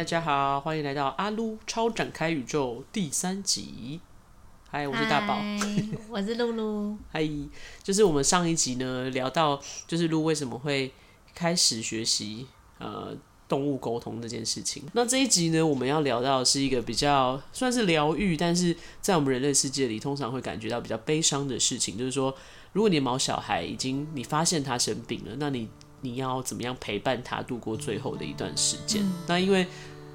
大家好，歡迎來到阿擼超展開宇宙第三集。嗨，我是大寶，Hi, 我是露露。嗨，就是我們上一集呢聊到，就是露為什麼會開始學習呃動物溝通這件事情。那這一集呢，我們要聊到是一個比較算是療癒，但是在我們人類世界裡通常會感覺到比較悲傷的事情，就是說，如果你的毛小孩已經你發現他生病了，那你你要怎麼樣陪伴他度過最後的一段時間？嗯。那因為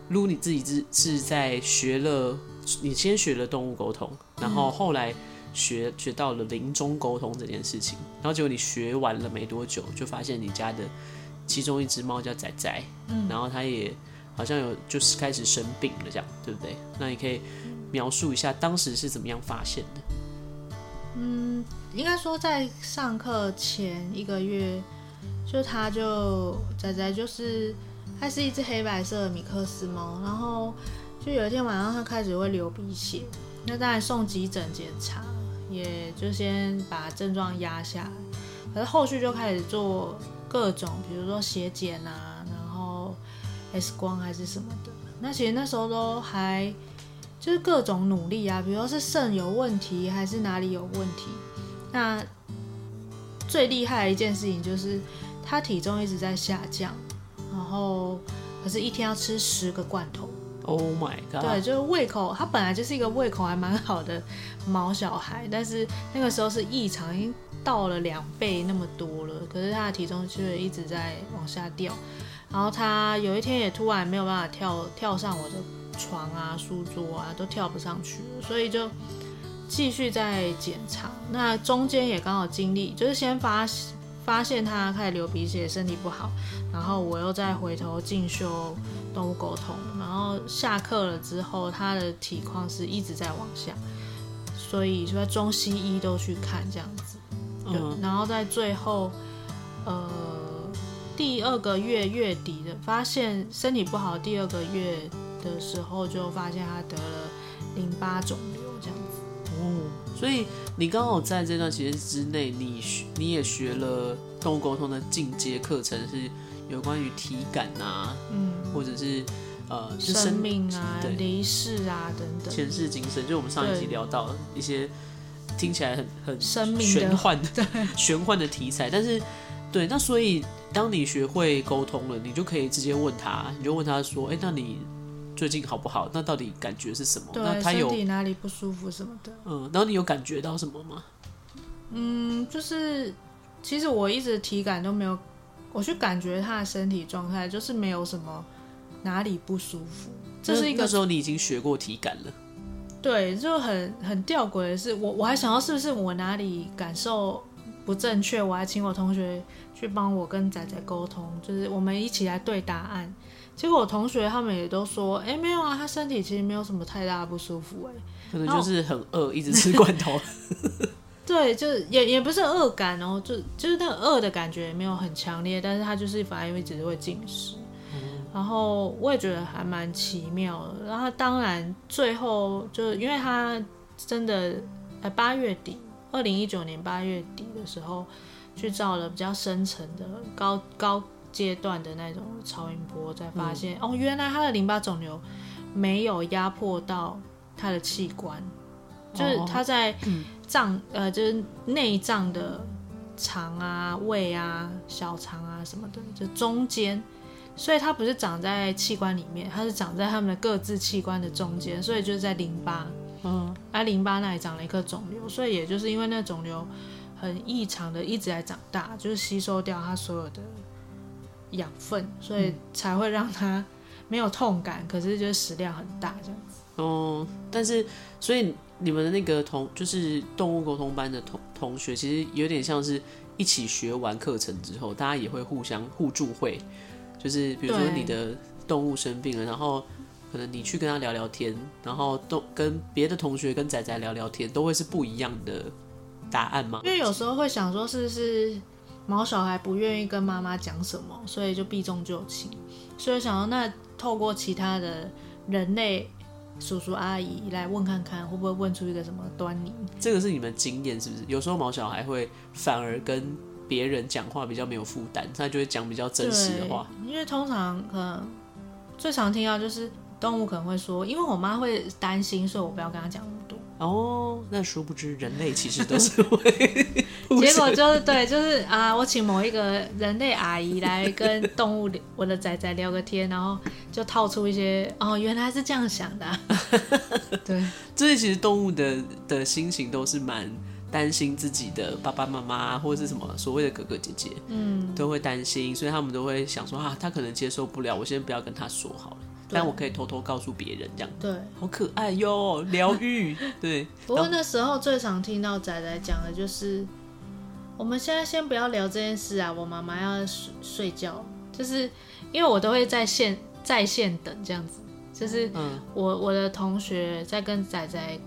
Ru 你自己是是在學了，你先學了動物溝通，然後後來學學到了臨終溝通這件事情，然後結果你學完了沒多久，就發現你家的其中一隻貓叫仔仔，嗯，然後它也好像有就是開始生病了，這樣，對不對？那你可以描述一下當時是怎麼樣發現的？嗯，應該說在上課前一個月，就它就仔仔就是。它是一只黑白色的米克斯貓，然後就有一天晚上它開始會流鼻血，那當然送急診檢查，也就先把症狀壓下來，可是後續就開始做各種，比如說血檢啊，然後 X 光還是什麼的。那其實那時候都還就是各種努力啊，比如說是腎有問題還是哪裡有問題。那最厲害的一件事情就是它體重一直在下降。然後，可是一天要吃十個罐頭。Oh my god！對，就是胃口，他本來就是一個胃口還蠻好的毛小孩，但是那個時候是異常，已經到了兩倍那麼多了。可是他的體重就是一直在往下掉。然後他有一天也突然沒有辦法跳跳上我的床啊、書桌啊，都跳不上去了，所以就繼續在檢查。那中間也剛好經歷，就是先發。發現他開始流鼻血，身體不好，然後我又再回頭進修動物溝通，然後下課了之後，他的體況是一直在往下，所以就在中西醫都去看這樣子，嗯，然後在最後，呃，第二個月月底的發現身體不好，第二個月的時候就發現他得了淋巴腫瘤。所以你剛好在這段時間之內，你你也學了動物溝通的進階課程，是有關於體感啊，嗯，或者是呃生，生命啊、離對世啊等等，前世今生，就我們上一集聊到一些聽起來很對很玄幻的，生命的 玄幻的題材。但是對，那所以當你學會溝通了，你就可以直接問他，你就問他說，哎、欸，那你？最近好不好？那到底感覺是什麼？對那他有哪裡不舒服什麼的？嗯，然後你有感覺到什麼嗎？嗯，就是其實我一直體感都沒有，我去感覺他的身體狀態就是沒有什麼哪裡不舒服。這是一個那那時候，你已經學過體感了。對，就很很弔詭的是，我我還想要是不是我哪裡感受不正確？我還請我同學去幫我跟仔仔溝通，就是我們一起來對答案。結果我同學他們也都說，哎、欸，沒有啊，他身體其實沒有什麼太大的不舒服，哎，可能就是很餓，後一直吃罐頭。 對，就是也也不是餓感、喔，哦，就就是那個餓的感覺也沒有很強烈，但是他就是反而一直會進食。嗯、然後我也覺得還蠻奇妙的。然後當然最後就是因為他真的，八、欸、月底，二零一九年八月底的時候去照了比較深層的高高階段的那種超音波，才發現、嗯、哦，原來他的淋巴腫瘤沒有壓迫到他的器官，哦、就是他在臟、嗯、呃，就是內臟的腸啊、胃啊、小腸啊什麼的，就中間，所以它不是長在器官裡面，它是長在他們的各自器官的中間，所以就是在淋巴，嗯，而、啊、淋巴那裡長了一顆腫瘤，所以也就是因為那腫瘤很異常的一直在長大，就是吸收掉它所有的。養分，所以才會讓他沒有痛感。嗯、可是覺得食量很大這樣子。哦、嗯，但是所以你們的那個同就是動物溝通班的同同學，其實有點像是一起學完課程之後，大家也會互相互助會。就是比如說你的動物生病了，對然後可能你去跟他聊聊天，然後動跟別的同學跟仔仔聊聊天，都會是不一樣的答案嗎？因為有時候會想說是不是？毛小孩不願意跟媽媽講什麼，所以就避重就輕。所以我想要那透過其他的人類叔叔阿姨來問看看，會不會問出一個什麼端倪？這個是你們經驗是不是？有時候毛小孩會反而跟別人講話比較沒有負擔，他就會講比較真實的話。因為通常可能最常聽到就是動物可能會說，因為我媽會擔心，所以我不要跟她講話。哦，那殊不知人類其實都是會， 結果就是對，就是啊，我請某一個人類阿姨來跟動物我的仔仔聊個天，然後就套出一些哦，原來是這樣想的啊，對，所以其實動物的的心情都是蠻擔心自己的爸爸媽媽或者是什麼所謂的哥哥姐姐，嗯，都會擔心，所以他們都會想說啊，他可能接受不了，我先不要跟他說好了。對但我可以偷偷告訴別人這樣子對，對，好可愛喲，療癒，對。不過那時候最常聽到仔仔講的就是，我們現在先不要聊這件事啊，我媽媽要睡睡覺。就是因為我都會在線在線等這樣子，就是我、嗯、我的同學在跟仔仔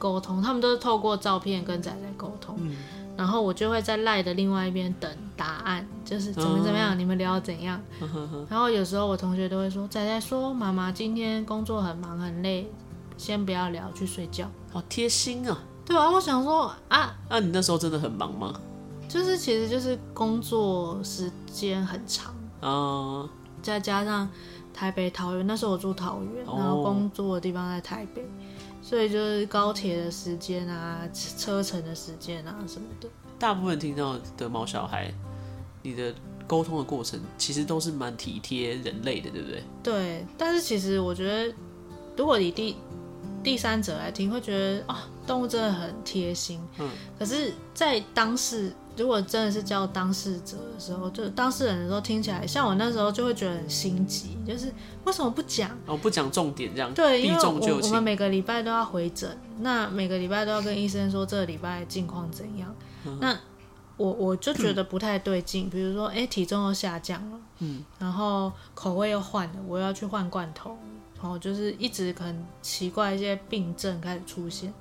溝通，他們都是透過照片跟仔仔溝通，嗯、然後我就會在賴的另外一邊等。答案就是怎麼怎麼樣，嗯、你們聊怎樣。嗯嗯嗯、然後有時候我同學都會說：“仔仔、嗯嗯嗯、說媽媽今天工作很忙很累，先不要聊，去睡覺。”好貼心啊！對啊，我想說啊，那、啊、你那時候真的很忙嗎？就是其實就是工作時間很長啊，嗯、再加上台北、桃園，那時候我住桃園，哦、然後工作的地方在台北，所以就是高鐵的時間啊、車程的時間啊什麼的。大部分聽到的貓小孩。你的溝通的過程其實都是蠻體貼人類的，對不對？對，但是其實我覺得，如果你第第三者來聽，會覺得啊、哦，動物真的很貼心。嗯。可是，在當事如果真的是叫當事者的時候，就當事人的時候聽起來，像我那時候就會覺得很心急，就是為什麼不講？我、哦、不講重點這樣？對，避重就輕。因為我，我們每個禮拜都要回診，那每個禮拜都要跟醫生說這個禮拜的近況怎樣。嗯、那。我我就覺得不太對勁，比如說，哎、欸，體重又下降了，然後口味又換了，我要去換罐頭，然後就是一直可能奇怪一些病症開始出現，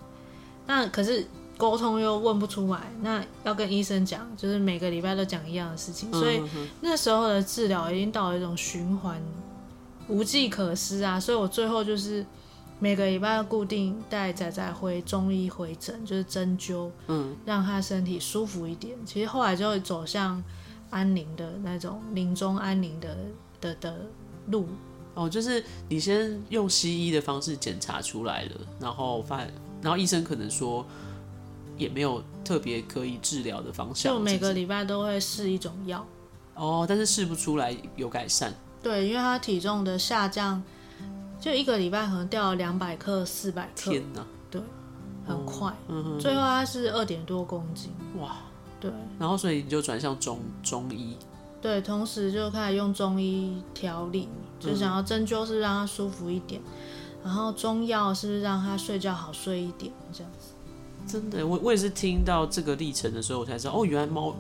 那可是溝通又問不出來，那要跟醫生講，就是每個禮拜都講一樣的事情，所以那時候的治療已經到了一種循環，無計可施啊，所以我最後就是。每個禮拜固定帶仔仔回中醫回診，就是針灸，嗯，讓他身體舒服一點。其實後來就會走向安寧的那種，臨終安寧的的的路。哦，就是你先用西醫的方式檢查出來了，然後發，然後醫生可能說也沒有特別可以治療的方向。就每個禮拜都會試一種藥。哦，但是試不出來有改善。對，因為他體重的下降。就一個禮拜，可能掉了兩百克、四百克。天哪！對，很快。哦嗯、最後它是二點多公斤。哇！對。然後所以你就轉向中中醫。對，同時就開始用中醫調理，就想要針灸是，是讓它舒服一點，嗯、然後中藥是，是讓它睡覺好睡一點這樣子。真的，我我也是聽到這個歷程的時候，我才知道哦，原來貓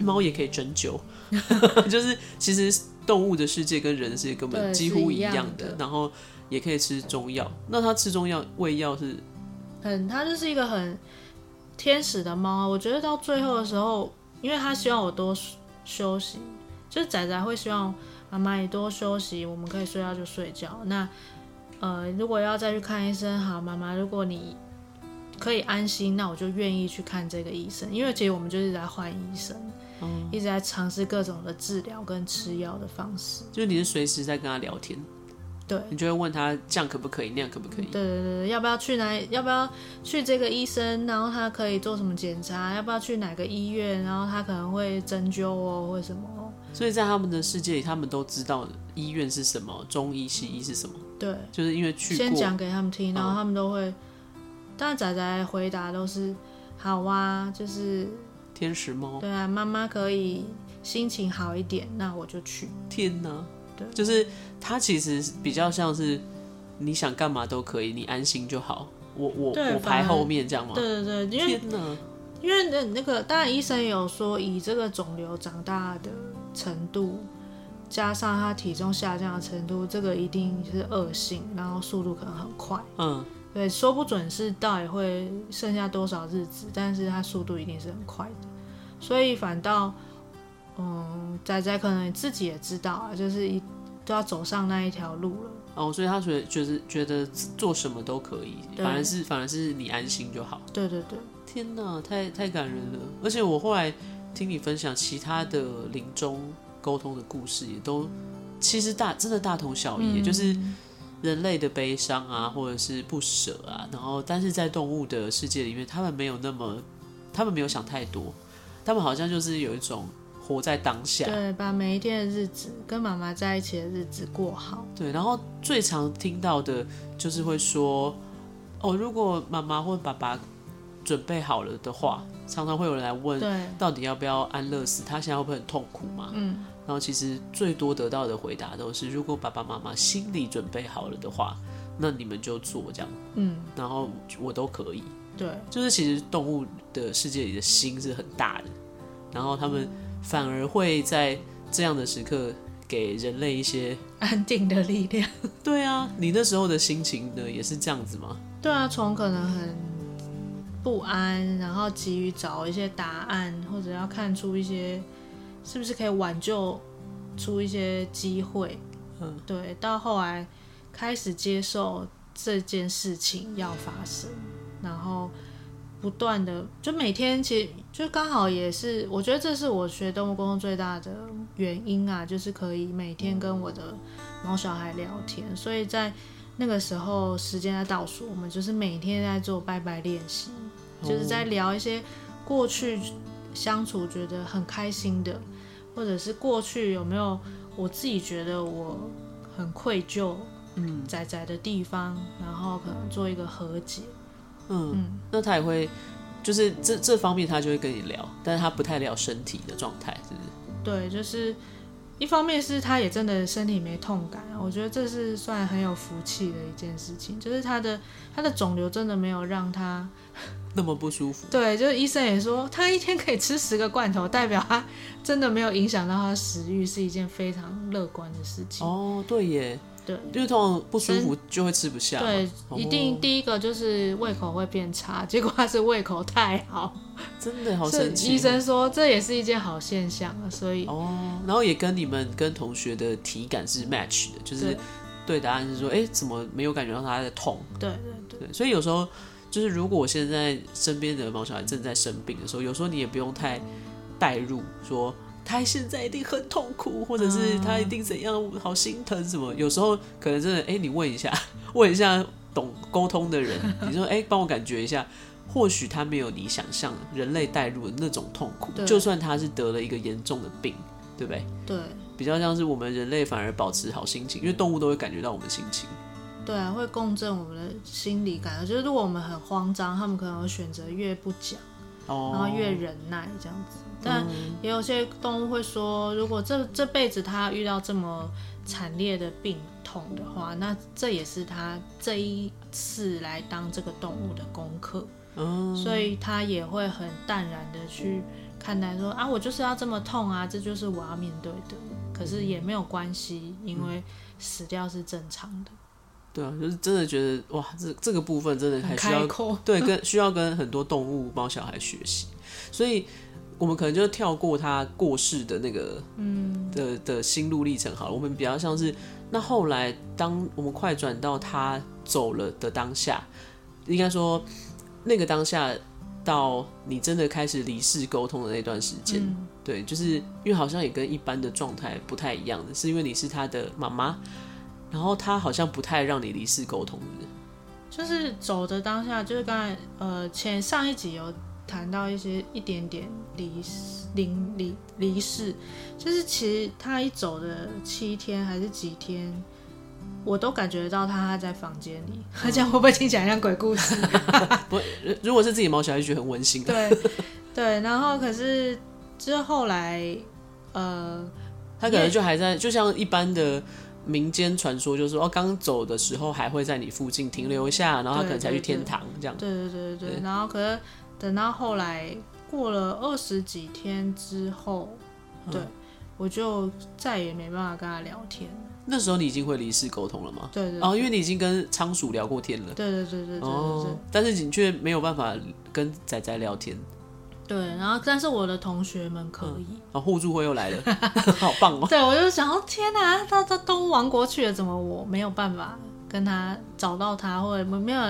貓也可以針灸， 就是其實。動物的世界跟人是根本幾乎一樣的，樣的然後也可以吃中藥。那他吃中藥，餵藥是，很、嗯，他就是一個很天使的貓。我覺得到最後的時候，因為他希望我多休息，就是仔仔會希望媽媽你多休息，我們可以睡覺就睡覺。那呃，如果要再去看醫生，好，媽媽，如果你可以安心，那我就願意去看這個醫生，因為其實我們就是在換醫生。嗯、一直在嘗試各種的治療跟吃藥的方式，就是你是隨時在跟他聊天，對，你就會問他這樣可不可以，那樣可不可以，對，對，對，要不要去哪，要不要去這個醫生，然後他可以做什麼檢查，要不要去哪個醫院，然後他可能會針灸哦、喔，或什麼。所以在他們的世界裡，他們都知道醫院是什麼，中醫、西醫是什麼，對，就是因為去先講給他們聽，然後他們都會。但、哦、仔仔回答都是好啊，就是。天使貓對啊，媽媽可以心情好一點，那我就去。天哪！對，就是它其實比較像是，你想幹嘛都可以，你安心就好。我對我我排後面正這樣嗎？對對對，因為天哪因為那那個，當然醫生有說，以這個腫瘤長大的程度，加上它體重下降的程度，這個一定是惡性，然後速度可能很快。嗯。對，說不準是到底會剩下多少日子，但是它速度一定是很快的，所以反倒，嗯，仔仔可能自己也知道啊，就是一都要走上那一條路了。哦，所以他覺得覺得覺得做什麼都可以，對反而是反而是你安心就好。對對對，天哪，太太感人了！而且我後來聽你分享其他的臨終溝通的故事，也都其實大真的大同小異，嗯、就是。人類的悲傷啊，或者是不捨啊，然後，但是在動物的世界裡面，他們沒有那麼，他們沒有想太多，他們好像就是有一種活在當下，對，把每一天的日子跟媽媽在一起的日子過好，對，然後最常聽到的就是會說，哦，如果媽媽或爸爸準備好了的話，常常會有人來問，對，到底要不要安樂死？他對現在會不會很痛苦嗎？嗯。然後其實最多得到的回答都是：如果爸爸媽媽心理準備好了的話，那你們就做這樣。嗯，然後我都可以。對，就是其實動物的世界裡的心是很大的，然後他們反而會在這樣的時刻給人類一些安定的力量。對啊，你那時候的心情呢也是這樣子嗎？對啊，從可能很不安，然後急於找一些答案，或者要看出一些。是不是可以挽救出一些機會？嗯、對，到後來開始接受這件事情要發生，然後不斷的就每天，其實就剛好也是，我覺得這是我學動物溝通最大的原因啊，就是可以每天跟我的毛小孩聊天。所以在那個時候，時間在倒數，我們就是每天在做拜拜練習，就是在聊一些過去。相處覺得很開心的，或者是過去有沒有我自己覺得我很愧疚、嗯，仔仔的地方，然後可能做一個和解。嗯，嗯，那他也會，就是這這方面他就會跟你聊，但是他不太聊身體的狀態，是不是？對，就是一方面是他也真的身體沒痛感，我覺得這是算很有福氣的一件事情，就是他的他的腫瘤真的沒有讓他。那麼不舒服，對，就是醫生也說他一天可以吃十個罐頭，代表他真的沒有影響到他的食慾，是一件非常樂觀的事情。哦，對耶，對，就是通常不舒服就會吃不下。對，哦、一定第一個就是胃口會變差，結果他是胃口太好，真的好神奇，哦。醫生說這也是一件好現象啊，所以哦，然後也跟你們跟同學的體感是 match 的，就是對答案是說，哎對、欸，怎麼沒有感覺到他的痛？對對對，對，所以有時候。就是如果我現在身邊的毛小孩正在生病的時候，有時候你也不用太帶入說，說他現在一定很痛苦，或者是他一定怎樣，好心疼什麼。有時候可能真的，哎、欸，你問一下，問一下懂溝通的人，你說，哎、欸，幫我感覺一下，或許他沒有你想象人類帶入的那種痛苦。對就算他是得了一個嚴重的病，對不對？對。比較像是我們人類反而保持好心情，因為動物都會感覺到我們心情。對啊，會共振我們的心理感覺。就是如果我們很慌張，他們可能會選擇越不講，Oh. 然後越忍耐這樣子。但也有些動物會說，如果這這輩子他遇到這麼慘烈的病痛的話，那這也是他這一次來當這個動物的功課。嗯，Oh. 所以他也會很淡然的去看待說，說啊，我就是要這麼痛啊，這就是我要面對的。可是也沒有關係，因為死掉是正常的。對啊，就是真的覺得哇，這這個部分真的還需要開口對，跟需要跟很多動物貓小孩學習。 所以我們可能就跳過他過世的那個嗯的的、的心路歷程好了。我們比較像是那後來，當我們快轉到他走了的當下，應該說那個當下到你真的開始離世溝通的那段時間，嗯、對，就是因為好像也跟一般的狀態不太一樣，是因為你是他的媽媽。然後他好像不太讓你離世溝通的，就是走的當下，就是剛才呃前上一集有談到一些一點點離離離,離世，就是其實他一走的七天還是幾天，我都感覺到他還在房間裡。他這樣會不會聽起來像鬼故事？ 不，如果是自己毛小孩就覺得很溫馨啊。對對，然後可是之後來呃，他可能就還在，yeah, 就像一般的。民間傳說就是說哦，剛走的時候還會在你附近停留一下，然後他可能才去天堂，對對對對，這樣。對對對，對、對然後可是等到後來過了二十幾天之後，對、嗯、我就再也沒辦法跟他聊天了。那時候你已經會離世溝通了嗎？對對，對對。哦，因為你已經跟倉鼠聊過天了。對對對對對對對。哦、但是你卻沒有辦法跟仔仔聊天。對，然後但是我的同學們可以啊、嗯哦，互助會又來了， 好棒哦嗎！對，我就想哦，天哪、啊，他他都亡國去了，怎麼我沒有辦法跟他找到他，或者沒有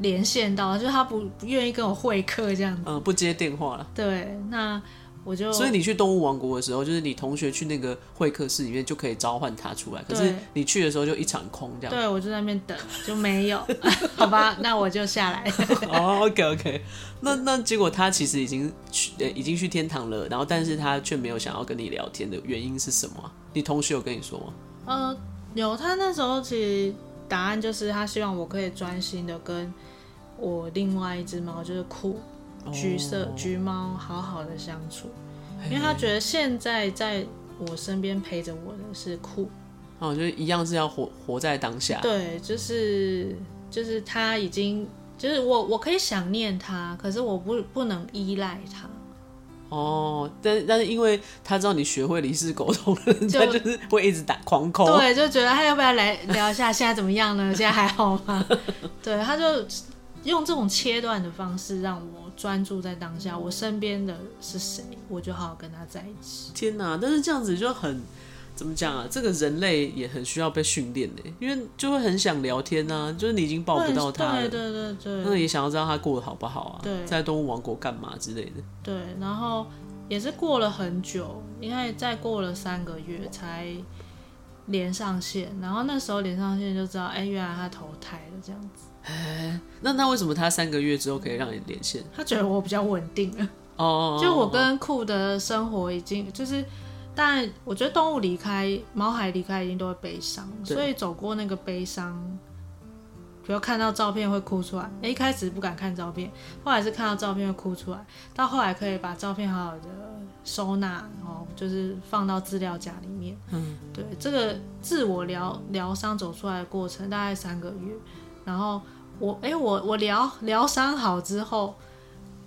連線到，就是他不，不願意跟我會客這樣子，嗯，不接電話了。對，那。我就所以你去動物王國的時候，就是你同學去那個會客室裡面就可以召喚他出來，可是你去的時候就一場空這樣。對，我就在那邊等，就沒有。 好吧，那我就下來。哦、 oh,，OK OK，那那結果他其實已經去，已經去天堂了，然後但是他卻沒有想要跟你聊天的原因是什麼？你同學有跟你說嗎？呃，有。他那時候其實答案就是他希望我可以專心的跟我另外一隻貓就是哭。橘色橘貓好好的相處，因為他覺得現在在我身邊陪着我的是酷，哦，就是一樣是要活活在當下，對，就是就是他已經就是我我可以想念他，可是我不不能依賴他，哦，但是但是因為他知道你學會離世溝通了，就 他就是會一直打狂 call，對，就覺得他要不要來聊一下現在怎麼樣呢？ 現在還好嗎？對，他就。用這種切斷的方式，讓我專注在當下。我身邊的是誰，我就好好跟他在一起。天哪！但是這樣子就很，怎麼講啊？這個人類也很需要被訓練呢，因為就會很想聊天啊。就是你已經抱不到他了，對對對對。那你也想要知道他過得好不好啊？對，在動物王國幹嘛之類的？對，然後也是過了很久，應該再過了三個月才連上線。然後那時候連上線就知道，哎，原來他投胎了，這樣子。哎、欸，那那為什麼他三個月之後可以讓你連線？他覺得我比較穩定哦，oh、就我跟酷的生活已經就是，但我覺得動物離開，毛孩離開一定都會悲傷，對所以走過那個悲傷，比如看到照片會哭出來。一開始不敢看照片，後來是看到照片會哭出來，到後來可以把照片好好的收納，然後就是放到資料夾裡面。嗯，對，這個自我療療傷走出來的過程大概三個月，然後。我哎、欸，我我療療傷好之後，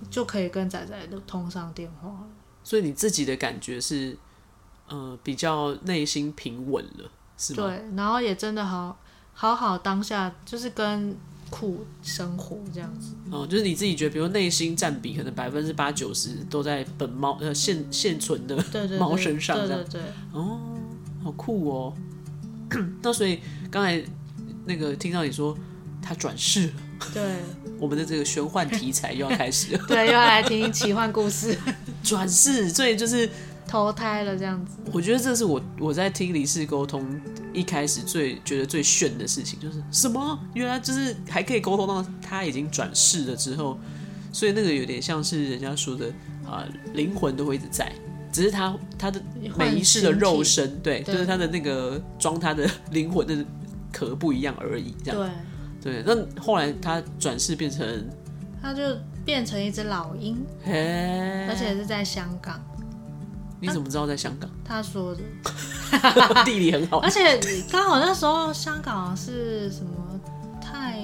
就可以跟仔仔都通上電話了。所以你自己的感覺是，呃，比較內心平穩了，是嗎？對，然後也真的好好好當下，就是跟酷生活這樣子。哦，就是你自己覺得，比如內心佔比可能百分之八九十都在本貓呃現現存的貓身上。對對對，對對對。哦，好酷哦。 那所以剛才那個聽到你說，他轉世了，對，我們的這個玄幻題材又要開始了， 對，又要來聽奇幻故事，轉 世，所以就是投胎了這樣子。我覺得這是我我在聽離世溝通一開始最覺得最炫的事情，就是什麼？原來就是還可以溝通到他已經轉世了之後，所以那個有點像是人家說的啊，靈魂都會一直在，只是他他的每一世的肉身，對，就是他的那個裝他的靈魂的殼不一樣而已，這樣對。對，那後來他轉世變成，他就變成一隻老鷹，嘿而且是在香港。你怎麼知道在香港？他說的， 地理很好。而且剛好那時候香港是什麼太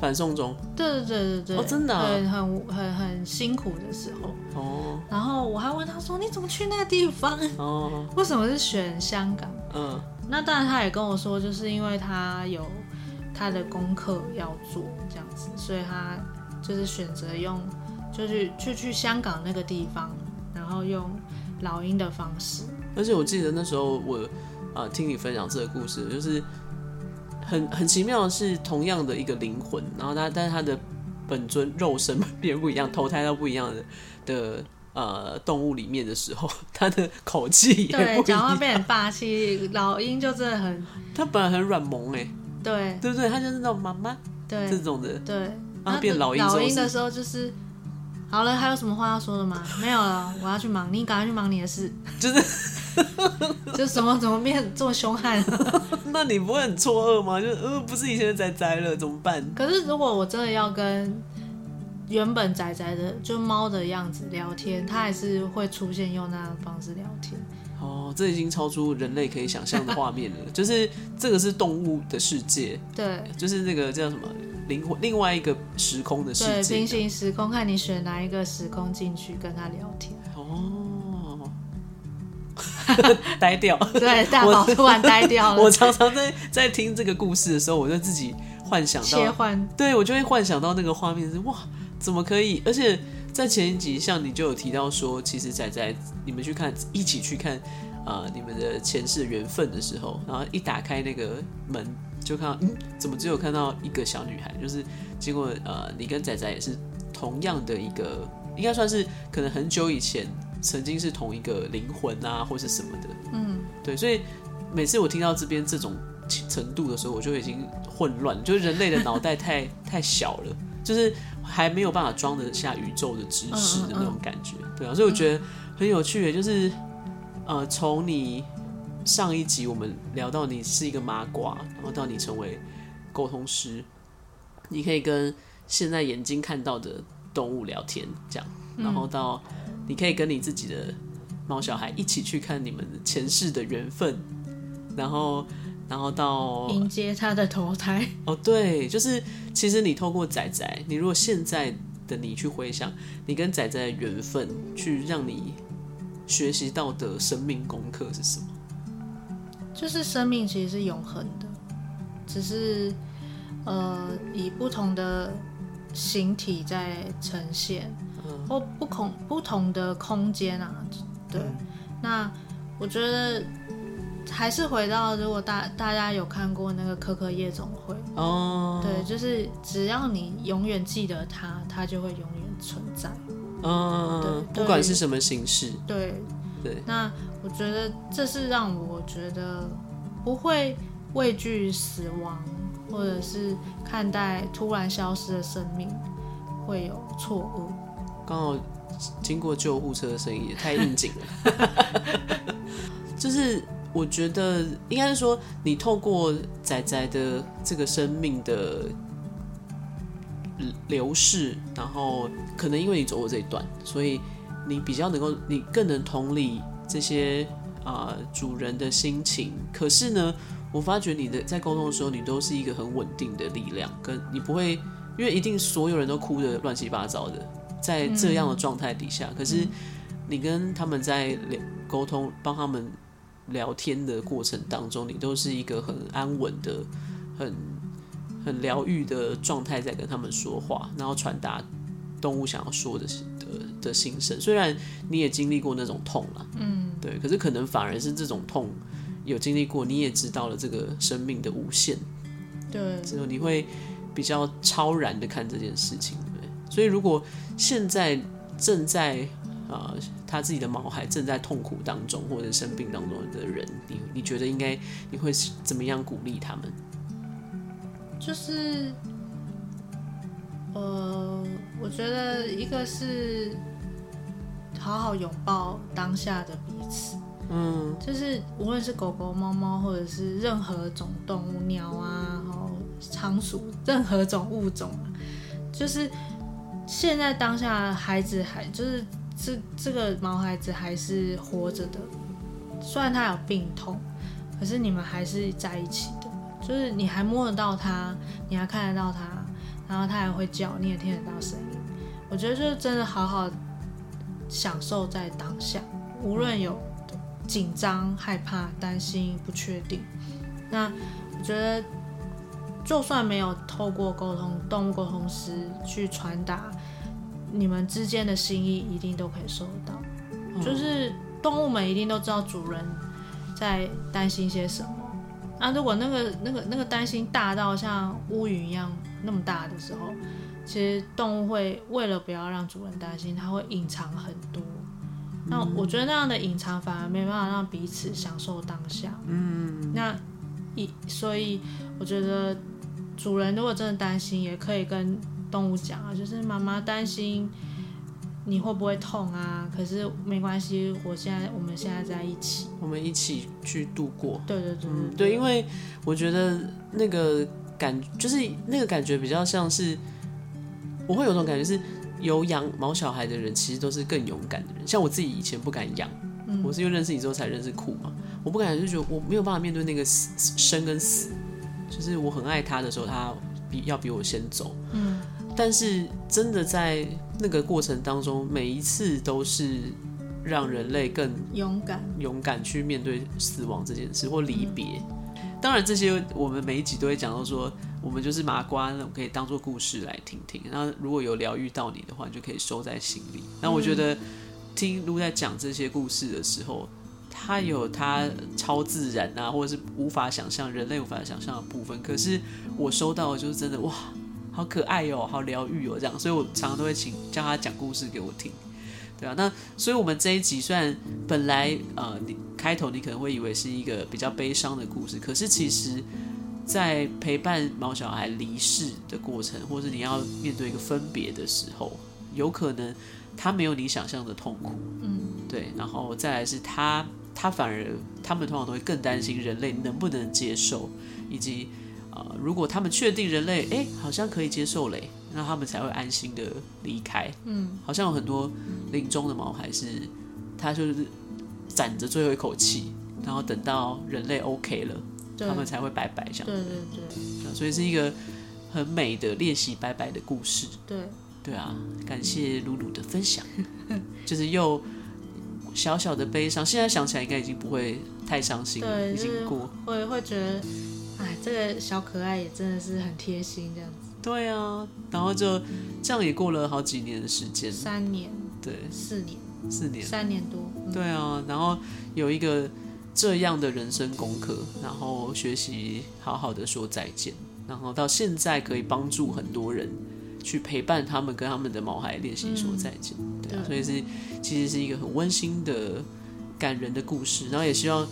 反送中，對對對對、對、哦、真的、啊很，很很很辛苦的時候哦。然後我還問他說：“你怎麼去那個地方？哦，為什麼是選香港？”嗯，那當然他也跟我說，就是因為他有。他的功課要做這樣子，所以他就是選擇用，就是去去香港那個地方，然後用老鷹的方式。而且我記得那時候我啊、呃、聽你分享這個故事，就是很很奇妙的是同樣的一個靈魂，然後他但是他的本尊肉身變不一樣，投胎到不一樣的的呃動物裡面的時候，他的口氣也不一樣，講話變很霸氣。 老鷹就真的很，他本來很軟萌哎、欸。對對對，他就是那種媽媽，對這種的。對，然後變老鷹。老鷹的時候就是，好了，還有什麼話要說的嗎？沒有了，我要去忙，你趕快去忙你的事。就是 就什，就怎麼怎麼變這麼兇悍、啊？ 那你不會很錯愕嗎？就呃，不是以前的仔仔了，怎麼辦？可是如果我真的要跟原本仔仔的，就貓的樣子聊天，他還是會出現用那樣的方式聊天。哦，這已經超出人類可以想象的畫面了。 就是這個是動物的世界，對，就是那個叫什麼靈魂，另外一個時空的世界的對，平行時空。看你選哪一個時空進去跟他聊天。哦， 呆掉， 對，大寶突然呆掉了。 我常常在在聽這個故事的時候，我就自己幻想到切換換，對我就會幻想到那個畫面、就是哇，怎麼可以，而且。在前一集，像你就有提到說，其實仔仔，你們去看，一起去看，啊、呃，你們的前世緣分的時候，然後一打開那個門，就看到，到嗯，怎麼只有看到一個小女孩？就是，經過，呃，你跟仔仔也是同樣的一個，應該算是可能很久以前曾經是同一個靈魂啊，或是什麼的。嗯，對，所以每次我聽到這邊這種程度的時候，我就已經混亂，就是人類的腦袋太 太小了，就是。還沒有辦法裝得下宇宙的知識的那種感覺，對啊，所以我覺得很有趣的就是，呃，從你上一集我們聊到你是一個麻瓜，然後到你成為溝通師，你可以跟現在眼睛看到的動物聊天，這樣，然後到你可以跟你自己的貓小孩一起去看你們前世的緣分，然後。然後到迎接他的投胎。哦，對，就是其實你透過仔仔，你如果現在的你去回想，你跟仔仔的緣分，去讓你學習到的生命功課是什麼？就是生命其實是永恆的，只是呃以不同的形體在呈現，嗯、或不同不同的空間啊，對，嗯、那我覺得。還是回到，如果大家大家有看過那個《可可夜總會》哦，oh. 對，就是只要你永遠記得他，他就會永遠存在。嗯、oh. 對，不管是什麼形式。對對。對對，那我覺得這是讓我覺得不會畏懼死亡，或者是看待突然消失的生命會有錯誤。剛好經過救護車的聲音，也太應景了。 就是。我覺得應該是說，你透過仔仔的這個生命的流逝，然後可能因為你走過這一段，所以你比較能夠，你更能同理這些啊、呃、主人的心情。可是呢，我發覺你的在溝通的時候，你都是一個很穩定的力量，跟你不會因為一定所有人都哭得亂七八糟的，在這樣的狀態底下，可是你跟他們在溝通，幫他們。聊天的過程當中，你都是一個很安穩的，很很療癒的狀態，在跟他們說話，然後傳達動物想要說的的的心聲。雖然你也經歷過那種痛啦，嗯，對，可是可能反而是這種痛有經歷過，你也知道了這個生命的無限，對，之後你會比較超然的看這件事情。對，所以如果現在正在。啊，他自己的毛孩正在痛苦當中，或者生病當中的人，你你覺得應該你會怎麼樣鼓勵他們？就是，呃，我覺得一個是好好擁抱當下的彼此，嗯，就是無論是狗狗、貓貓，或者是任何種動物、鳥啊，然後倉鼠，任何種物種，就是現在當下孩子還就是。這這個毛孩子還是活着的，雖然它有病痛，可是你們還是在一起的，就是你還摸得到它，你還看得到它，然後它還會叫，你也聽得到聲音。我覺得就真的好好享受在當下，無論有緊張、害怕、擔心、不確定，那我覺得就算沒有透過溝通、動物溝通師去傳達。你們之間的心意一定都可以收到，哦、就是動物們一定都知道主人在擔心些什麼。那、啊、如果那個那個那個擔心大到像烏雲一樣那麼大的時候，其實動物會為了不要讓主人擔心，它會隱藏很多。那我覺得那樣的隱藏反而沒辦法讓彼此享受當下。嗯，那所以我覺得主人如果真的擔心，也可以跟。動物講啊，就是媽媽擔心你會不會痛啊？可是沒關係，我現在我們現在在一起，我們一起去度過。對對對、嗯，對，因為我覺得那個感，就是那個感覺比較像是，我會有種感覺，是有養毛小孩的人其實都是更勇敢的人。像我自己以前不敢養，我是因為認識你之後才認識苦嘛，嗯、我不敢，就覺得我沒有辦法面對那個生跟死，就是我很愛他的時候，他比要比我先走，嗯。但是，真的在那個過程當中，每一次都是讓人類更勇敢、勇敢去面對死亡這件事或離別。當然，這些我們每一集都會講到，說我們就是麻瓜，我可以當做故事來聽聽。然後，如果有療癒到你的話，你就可以收在心裡。然後我覺得聽 Ru 在講這些故事的時候，他有他超自然啊，或者是無法想象人類無法想象的部分。可是我收到的，就是真的哇。好可愛哦，喔，好療癒哦。這樣，所以我常常都會請叫他講故事給我聽，對啊，那所以我們這一集雖然本來呃你開頭你可能會以為是一個比較悲傷的故事，可是其實，在陪伴毛小孩離世的過程，或是你要面對一個分別的時候，有可能他沒有你想象的痛苦，嗯，嗯，對，然後再來是他他反而他們通常都會更擔心人類能不能接受，以及。呃、如果他們確定人類，哎、欸，好像可以接受嘞，那他們才會安心的離開。嗯，好像有很多臨終的毛孩子他就是攢着最後一口氣，嗯、然後等到人類 OK 了，對他們才會拜拜。這樣。對對對、啊。所以是一個很美的練習，拜拜的故事。對對啊，感謝魯魯的分享， 就是又小小的悲傷。現在想起來，應該已經不會太傷心了，對已經過。會會覺得。哎，這個小可愛也真的是很貼心，這樣子。對啊，然後就這樣也過了好幾年的時間，嗯嗯，三年，對，四年，四年，三年多。嗯、對啊，然後有一個這樣的人生功課，然後學習好好的說再見，然後到現在可以幫助很多人去陪伴他們跟他們的毛孩練習說再見。嗯、對啊，所以是其實是一個很溫馨的、感人的故事，然後也希望。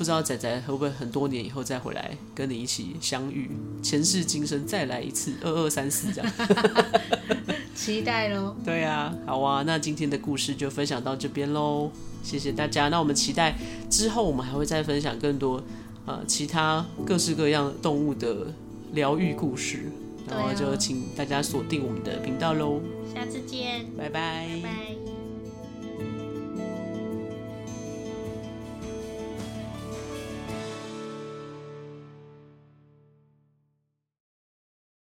不知道仔仔會不會很多年以後，再回來跟你一起相遇，前世今生再來一次二二三四這樣， 期待嘍咯。對啊，好啊，那今天的故事就分享到這邊嘍，謝謝大家。那我們期待之後我們還會再分享更多，呃，其他各式各樣動物的療癒故事，然後就請大家鎖定我們的頻道嘍。下次見，拜拜 bye。Bye bye